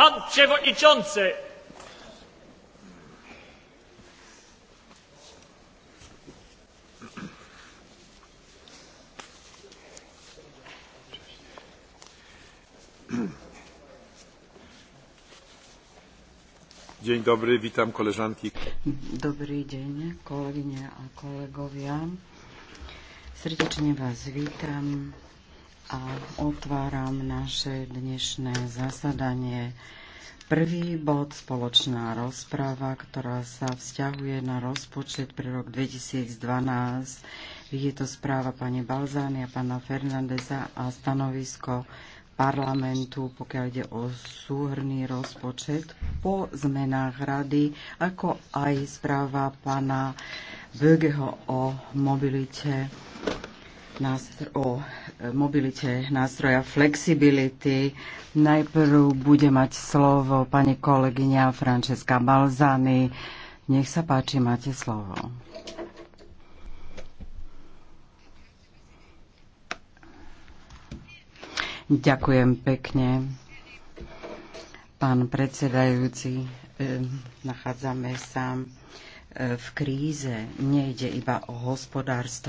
Pan przewodniczący! Dzień dobry, witam koleżanki. Dobry dzień, kolegyne a kolegowie. Srdečne vás vítam a otváram naše dnešné zasadanie. Prvý bod spoločná rozprava, ktorá sa vzťahuje na rozpočet pre rok 2012. Je to správa pani Balzány a pána Fernandeza a stanovisko parlamentu, pokiaľ ide o súhrný rozpočet po zmenách rady, ako aj správa pána Bögeho o mobilite o mobilite nástroja flexibility. Najprv bude mať slovo pani kolegyňa Francesca Balzany. Nech sa páči, máte slovo. Ďakujem pekne, pán predsedajúci. E, nachádzame sa e, v kríze. Nejde iba o hospodárstvo.